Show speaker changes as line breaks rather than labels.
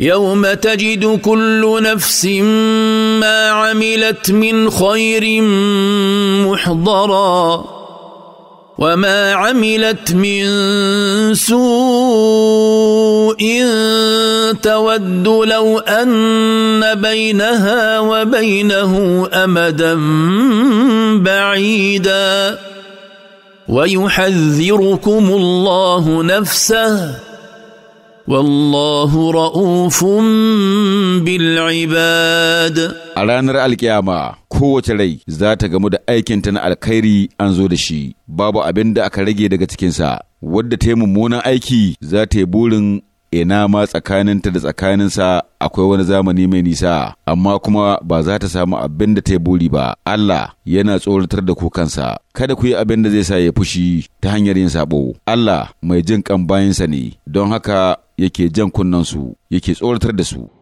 يوم تجد كل نفس ما عملت من خير محضرا وما عملت من سوء تود لو ان بينها وبينه امدا بعيدا ويحذركم الله نفسه والله رؤوف
بالعباد a ranar alkiyama kowace rai za ta gamu da aikinta na alkhairi an zo da shi babu abin da aka rage daga cikinsa wadda ta yi mummunan aiki za ta yi burin ina ma tsakaninta da tsakaninsa akwai wani zamani mai nisa amma kuma ba za ta samu abin da ta yi buri ba Allah yana tsoratar da kukansa kada ku yi abin da zai sa ya fushi ta hanyar yin sabo Allah mai jin kan bayansa ne don haka yake jan kunnansu yake
tsoratar da su